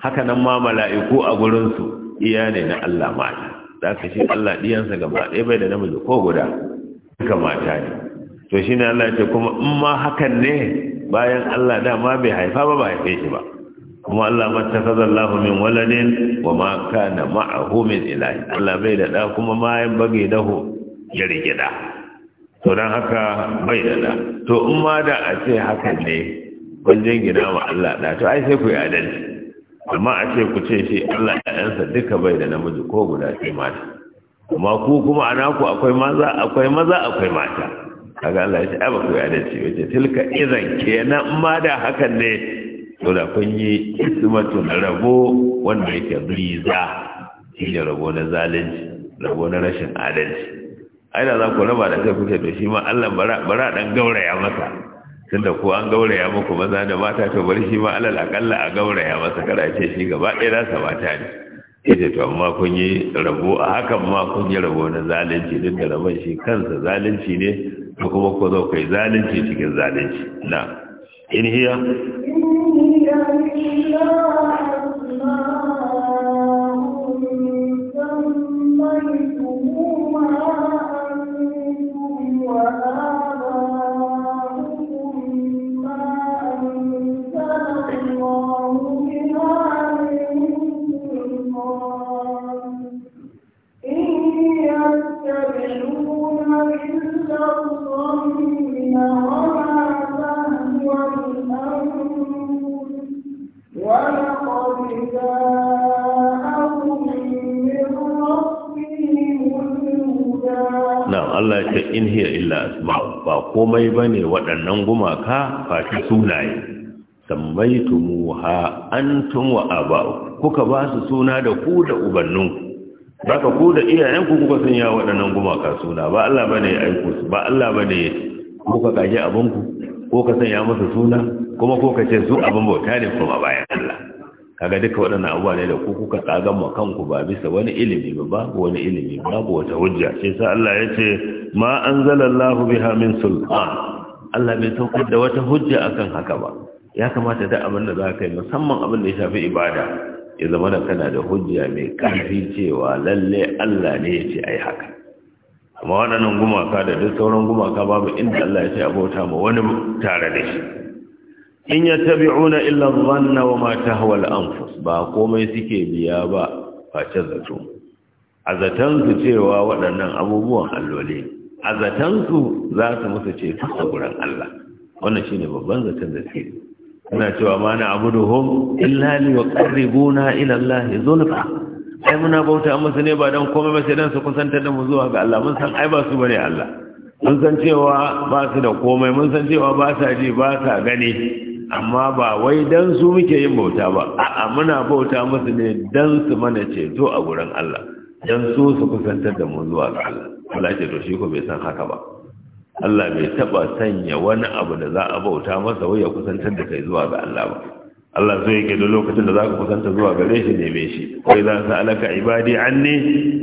haka nan ma mala'iku a gurinsu iya ne na Allah mata da aka ce Allah ɗiyansa gaba ɗaya bai da namiji ko guda duka mata ne to shi ne Allah ce kuma in ma hakan ne bayan Allah dama bai haifa ba ba haife shi ba kuma Allah ta Allah min waladin wa ma na ma'ahu min ilahi Allah bai da da kuma ma yin bage daho ya rike da to don haka bai da da to in ma da a ce hakan ne kun gina wa Allah da to ai sai ku yi adalci amma a ce ku ce shi Allah ɗansa duka bai da namiji ko guda sai mata amma ku kuma a naku akwai maza akwai maza akwai mata kaga Allah ya ce ai ba ku yada ce wace tilka idan kenan ma da hakan ne to da kun yi ismatu na rabo wanda yake briza shi ne rabo na zalunci rabo na rashin adalci ai da za ku raba da kai kuke to shi ma Allah bara bara dan gauraya masa tunda ko an gauraya muku maza da mata to bari shi ma alal akalla a gauraya masa kada ce shi gaba ɗaya nasa mata ne ita to amma kun yi rabo a hakan ma kun yi rabo na zalunci duk da rabon shi kansa zalunci ne ko kuma ko zo kai zalunci cikin zalunci na in hiya in hiya illa illa asma'u ba komai bane waɗannan gumaka fashi sunaye sammaitumuha antum wa aba'u kuka ba su suna da ku da ubannun baka ku da iyayenku kuka sanya waɗannan gumaka suna ba Allah bane ya aiko su ba Allah bane kuka kaje abinku ko ka sanya musu suna kuma ko ka ce su abin bauta ne kuma bayan Allah kaga duka waɗannan abuwa ne da ku kuka tsagan wa kanku ba bisa wani ilimi ba babu wani ilimi babu wata hujja sai sa Allah ya ce ma anzalallahu biha min sultan Allah bai saukar da wata hujja akan haka ba ya kamata da abin da za ka yi musamman abin da ya shafi ibada ya zama da kana da hujja mai ƙarfi cewa lalle Allah ne ya ce ai haka amma waɗannan gumaka da duk sauran gumaka babu inda Allah ya ce abota ma wani tare da shi in una illa zanna wa mata tahwa al-anfus ba komai suke biya ba face zato azatan su cewa waɗannan abubuwan a azatan su za su musu ce ta gurin Allah wannan shi ne babban zaton da suke ana cewa ma na abu da abuduhum illa li yuqarribuna ila Allah zulfa ai muna bauta musu ne ba don komai masu sai su kusantar da mu zuwa ga Allah mun san ai ba su bane Allah mun san cewa ba su da komai mun san cewa ba sa ji ba sa gani amma ba wai dan su muke yin bauta ba a'a muna bauta musu ne dan su mana ceto a gurin Allah dan su su kusantar da mu zuwa ga Allah wala ce to shi ko bai san haka ba Allah bai taba sanya wani abu da za a bauta masa wai ya kusantar da kai zuwa ga Allah ba Allah zai yake da lokacin da za ka kusanta zuwa gare shi mai shi wai za su alaka ibadi anni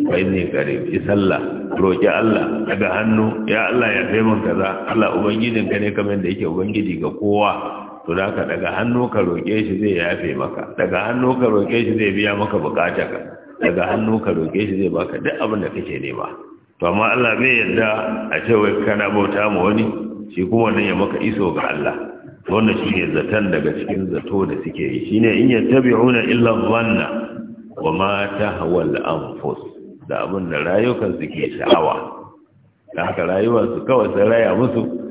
fa inni qarib yi sallah roki Allah daga hannu ya Allah ya taimaka za, Allah ubangijin ka ne kamar da yake ubangiji ga kowa to da ka daga hannu ka roƙe shi zai yafe maka daga hannu ka roƙe shi zai biya maka bukata ka daga hannu ka roƙe shi zai baka duk abin da kake nema to amma Allah bai yarda a ce wai kana bauta ma wani shi kuma wannan ya maka iso ga Allah wannan shi ne zaton daga cikin zato da suke yi shine in yattabi'una illa dhanna wa ma tahwa al-anfus da abin da rayukan suke sha'awa da haka rayuwar su kawai sai raya musu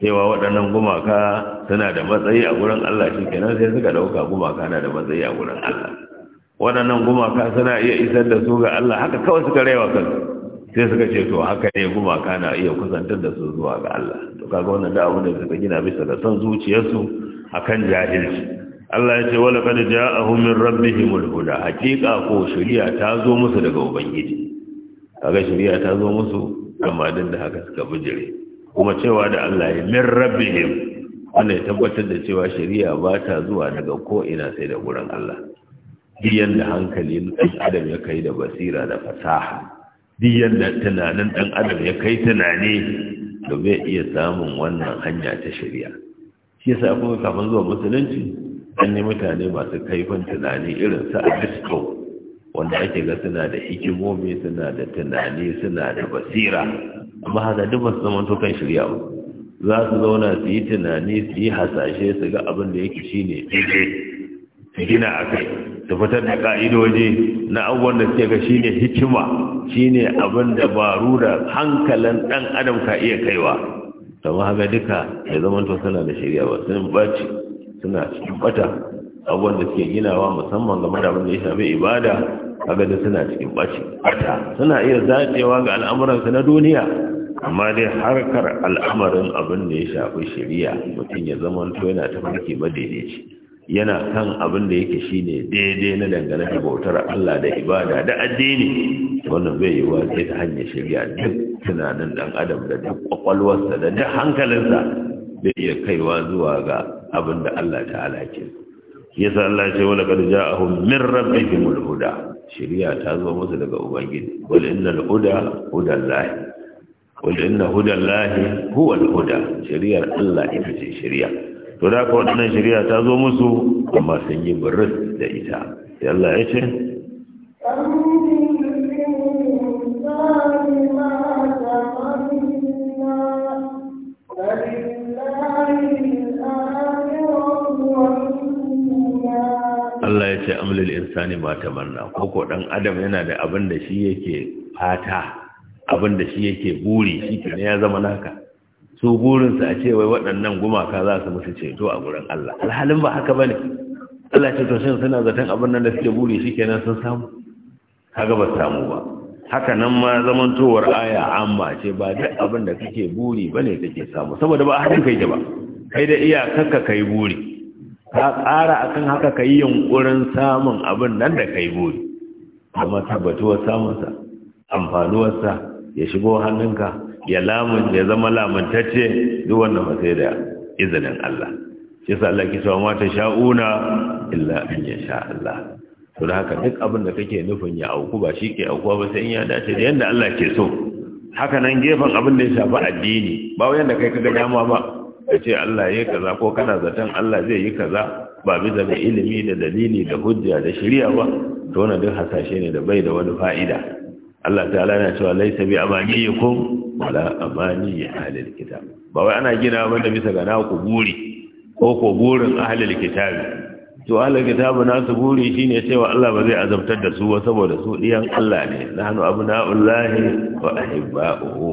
cewa waɗannan gumaka suna da matsayi a gurin Allah shi kenan sai suka ɗauka gumaka na da matsayi a gurin Allah waɗannan gumaka suna iya isar da su ga Allah haka kawai suka rewa kansu sai suka ce to haka ne gumaka na iya kusantar da su zuwa ga Allah to kaga wannan da abu da suka gina bisa da son zuciyarsu akan jahilci Allah ya ce wa laqad ja'ahum min rabbihimul huda hakika ko shari'a ta zo musu daga ubangiji kaga shari'a ta zo musu kamar din da haka suka bijire kuma cewa da Allah ya min rabbihim Ana ya tabbatar da cewa shari'a ba ta zuwa daga ko ina sai da gurin Allah diyan da hankalin ɗan adam ya kai da basira da fasaha diyan da tunanin ɗan adam ya kai tunani to bai iya samun wannan hanya ta shari'a shi yasa kuma kafin zuwa musulunci an yi mutane masu kaifin tunani irin su a disco. wanda ake ga suna da hikimomi suna da tunani suna da basira amma haka duk ba su zama to kan shirya ba za su zauna su yi tunani su yi hasashe su ga abin da yake shi ne su gina a kai su fitar da ka'idoji na abubuwan da suke ga shi ne hikima shi ne abin da ba rura hankalin ɗan adam ka iya kaiwa amma haka duka ya zama to suna da shirya ba sun ɓaci suna cikin ɓata abubuwan da suke ginawa musamman game da abin da ya shafi ibada kaga da suna cikin ɓaci ɓata suna iya zacewa ga al'amuransu na duniya amma dai harkar al'amarin abin da ya shafi shari'a mutum ya zama to yana tafarki madaidaici yana kan abin da yake shine daidai na dangane da bautar Allah da ibada da addini wannan bai yi wace ta hanyar shari'a duk tunanin dan adam da duk kwakwalwarsa da duk hankalinsa bai iya kaiwa zuwa ga abin da Allah ta'ala Ya sa Allah ce wala a ja'ahum min rabbihimul huda shari'a ta zo musu daga ubangiji wal innal huda hudallahi wanda inna hudan lahi huwa huda shari'ar Allah ita ce shari'a to da ka waɗannan shari'a ta zo musu amma sun yi burus da ita sai Allah ya ce Allah ya ce amlil insani ma tamanna ko ko dan adam yana da abin da shi yake fata abin da shi yake buri shi ne ya zama naka su burinsa a ce wai waɗannan gumaka za su musu ceto a gurin Allah alhalin ba haka bane Allah ce to shin suna zaton abin nan da suke buri shikenan sun samu kaga ba samu ba haka nan ma zamantowar aya amma ce ba duk abin da kake buri bane kake samu saboda ba hadin kai ba kai da iya iyakarka kai buri ka ƙara akan haka kai yunkurin samun abin nan da kai buri amma tabbatuwar samunsa amfanuwarsa ya shigo hannunka ya lamun ya zama lamuntacce duk wannan ba sai da izinin Allah shi yasa Allah ke cewa ta sha'una illa an sha Allah to da haka duk abin da kake nufin ya auku ba shi ke aukuwa ba sai in ya dace da yanda Allah ke so haka nan gefen abin da ya shafi addini ba wai yanda kai kaga dama ba ce Allah yayi kaza ko kana zaton Allah zai yi kaza ba bisa ga ilimi da dalili da hujja da shari'a ba to wannan duk hasashe ne da bai da wani fa'ida Allah ta'ala yana cewa laisa bi amaniyikum wala amani ahlil kitab ba wai ana gina wanda bisa ga naku buri ko ko burin ahlil kitab to ahlil kitab na su buri shine cewa Allah ba zai azabtar da su ba saboda su diyan Allah ne nahnu abna'ullahi wa ahibba'uhu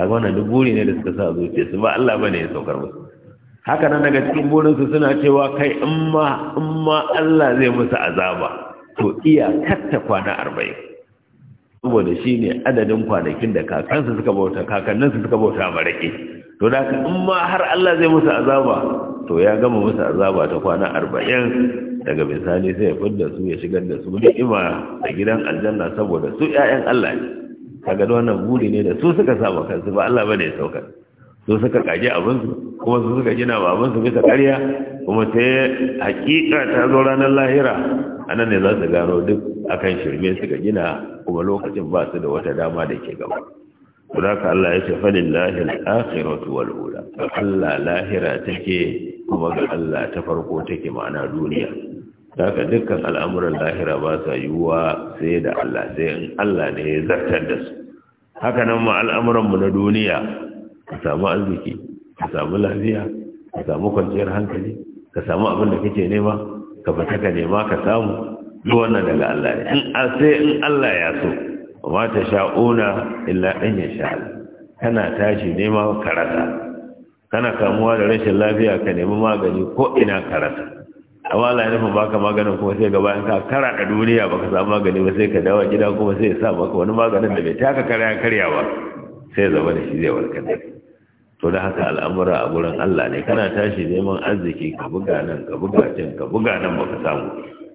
kaga wannan duk buri ne da suka sa zuciya su ba Allah bane ya saukar musu haka nan daga cikin burin su suna cewa kai in ma in ma Allah zai musu azaba to iya katta kwana 40 saboda shi ne adadin kwanakin da kakansu suka bauta kakanninsu suka bauta maraƙi to da in ma har Allah zai musu azaba to ya gama musu azaba ta kwana arba'in daga misali sai ya fidda su ya shigar da su ni'ima a gidan aljanna saboda su 'ya'yan Allah ne kaga wannan buri ne da su suka sa kansu ba Allah bane ya sauka su suka kaji su? kuma su suka gina su bisa ƙarya kuma sai hakika ta zo ranar lahira anan ne za su gano duk akan shirme suka gina kuma lokacin ba su da wata dama da ke gaba ka Allah ya ce falillahi al-akhiratu wal ula Allah lahira take kuma ga Allah ta farko take ma'ana duniya haka dukkan al'amuran lahira ba sa yiwuwa sai da Allah sai in Allah ne ya zartar da su haka nan ma al'amuran mu na duniya ka samu arziki ka samu lafiya ka samu kwanciyar hankali ka samu abin da kake nema ka fita ka nema ka samu duk wannan daga Allah ne in sai in Allah ya so ba ta sha'una illa in ya sha kana tashi nema karata kana kamuwa da rashin lafiya ka nemi magani ko ina karata. amma Allah ya nufin baka maganin kuma sai ga bayan ka kara da duniya baka samu magani ba sai ka dawo gida kuma sai ya sa maka wani maganin da bai taka karya karya ba sai zama da shi zai warkar da to da haka al'amura a gurin Allah ne kana tashi neman arziki ka buga nan ka buga can ka buga nan baka samu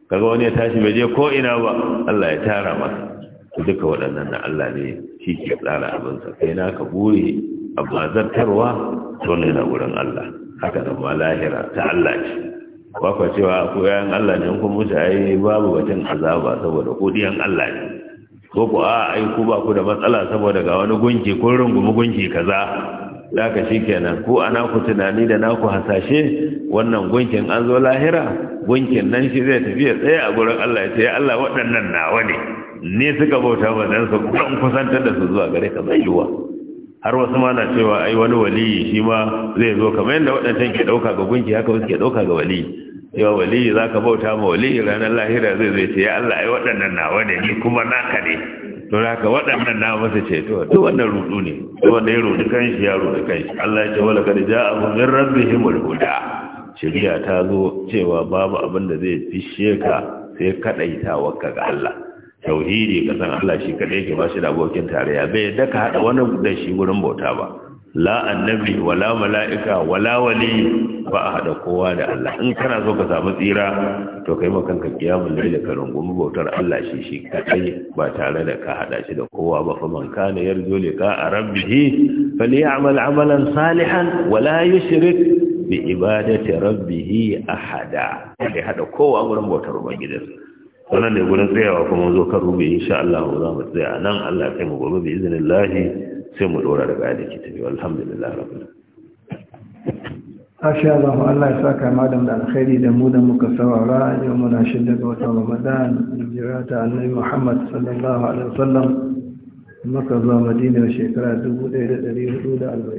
kaga wani ya tashi bai je ko ina ba Allah ya tara masa duka waɗannan na Allah ne shi ke tsara abinsa kai na ka bure amma zartarwa ne na wurin Allah haka nan ma lahira ta Allah ce ku cewa ku yayan Allah ne kun mutu ai babu batun azaba saboda kudiyan Allah ne ko ku a ai ku ba ku da matsala saboda ga wani gunki ko rungumi gunki kaza da ka shi kenan ko ana ku tunani da naku hasashe wannan gunkin an zo lahira gunkin nan shi zai tafi ya tsaye a gurin Allah ya ce Allah waɗannan nawa ne ne suka bauta ba dan su kun kusantar da su zuwa gare ka bai yiwa har wasu ma na cewa ai wani waliyi shi ma zai zo kamar yadda waɗancan ke ɗauka ga gunki haka wasu ke ɗauka ga waliyi yawa waliyi za ka bauta ma waliyi ranar lahira zai zai ce ya Allah ai waɗannan nawa ne ni kuma naka ne to haka waɗannan na masa to duk wannan rudu ne to wanda ya rudu kanshi ya rudu kanshi Allah ya ce wala kad ja'ahu min al huda shari'a ta zo cewa babu abin da zai fishe ka sai kadaitawa ka ga Allah tauhidi kasan Allah shi kadai yake ba shi da abokin tarayya bai da ka hada wani da shi gurin bauta ba la annabi wala mala'ika wala wali ba a haɗa kowa da Allah in kana so ka samu tsira to kai makanka ka kiyamun ne da karin gumi bautar Allah shi shi kaɗai ba tare da ka haɗa shi da kowa ba fa man kana yarjo lika a rabbihi falyamal amalan salihan wala yushrik bi ibadati rabbihi ahada kai haɗa kowa gurin bautar ubangijinsa wannan ne gurin tsayawa kuma zo ka rube insha Allah za mu tsaya nan Allah kai mu gobe bi iznillahi sai mu dora daga ayat ke tafi alhamdulillah rabbil Asha Allah Allah ya saka madam da alkhairi da mu da muka saurara yau muna shidda ga wata Ramadan jira ta Annabi Muhammad sallallahu alaihi wasallam maka zuwa Madina shekara 1447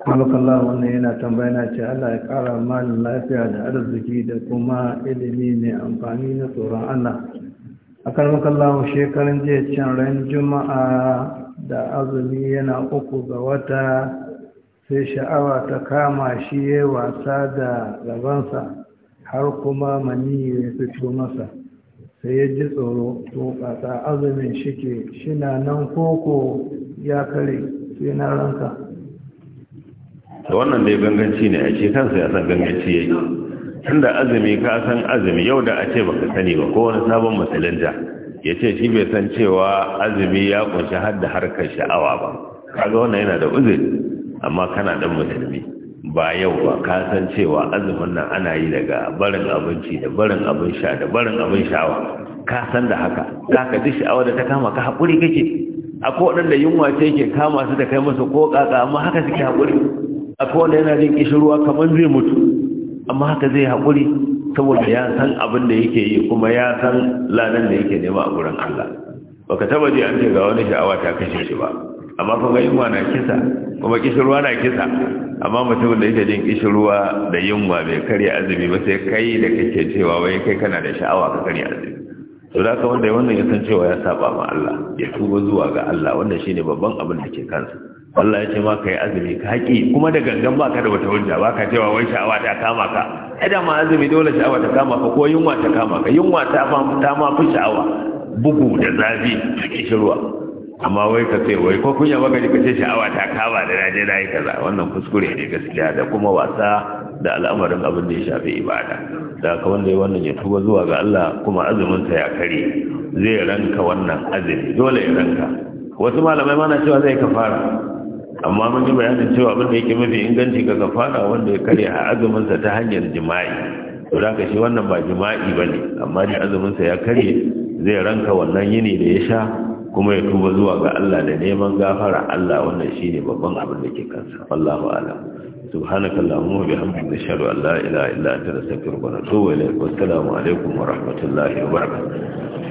Allah wannan yana tambaya na ce Allah ya kara malin lafiya da arziki da kuma ilimi mai amfani na tsoron Allah. A karmakan lamun shekarun jiya can ran juma'a da azumi yana uku ga wata sai sha'awa ta kama shi ya wasa da gabansa har kuma mani ya fito masa sai ya ji tsoro to ƙasa azumin shike shina nan koko ya kare sai na ranka da wannan dai ganganci ne a ce kansa ya san ganganci ya yi tun da azumi ka san azumi yau da a ce baka sani ba ko wani sabon musulunta ya ce shi bai san cewa azumi ya kunshi har da harkar sha'awa ba kaga wannan yana da uzuri amma kana dan musulmi ba yau ba ka san cewa azumin nan ana yi daga barin abinci da barin abin sha da barin abin sha'awa ka san da haka ka ji sha'awa da ta kama ka haƙuri kake akwai waɗanda yunwa ce ke kama su da kai masa ko ƙaƙa amma haka suke haƙuri akwai wanda yana jin ƙishirwa kamar zai mutu amma haka zai haƙuri saboda ya san abin da yake yi kuma ya san ladan da yake nema a gurin Allah baka taba ji an ce ga wani sha'awa ta kashe shi ba amma kun ga yunwa na kisa kuma kishirwa na kisa amma mutumin da yake jin kishirwa da yunwa bai karya azumi ba sai kai da kake cewa wai kai kana da sha'awa ka karya azumi to da ka wanda wannan ya san cewa ya saba ma Allah ya tuba zuwa ga Allah wannan shine babban abin da ke kansa Allah ya ce ma kai azumi ka haƙi kuma da gangan ba ka da wata hujja ba ka cewa wai sha'awa ta kama ka ai da ma azumi dole sha'awa ta kama ka ko yunwa ta kama ka yunwa ta ta ma fi sha'awa bugu da zafi da kishirwa amma wai ka ce wai ko kunya baka ka ce sha'awa ta kama da naje na yi kaza wannan kuskure ne gaskiya da kuma wasa da al'amarin abin da ya shafi ibada da ka wanda ya wannan ya tuba zuwa ga Allah kuma azumin sa ya kare zai ranka wannan azumi dole ya ranka wasu malamai mana cewa zai kafara amma mun ji bayanin cewa abin da yake mafi inganci ga kafara wanda ya karya a azuminsa ta hanyar jima'i to da ka shi wannan ba jima'i ba ne amma dai azuminsa ya karye zai ranka wannan yini da ya sha kuma ya tuba zuwa ga Allah da neman gafara Allah wannan shi ne babban abin da ke kansa wallahu ala subhanakallahumma wa bihamdika ashhadu an la ilaha illa anta astaghfiruka wa atubu ilaik wa assalamu alaikum wa rahmatullahi wa barakatuh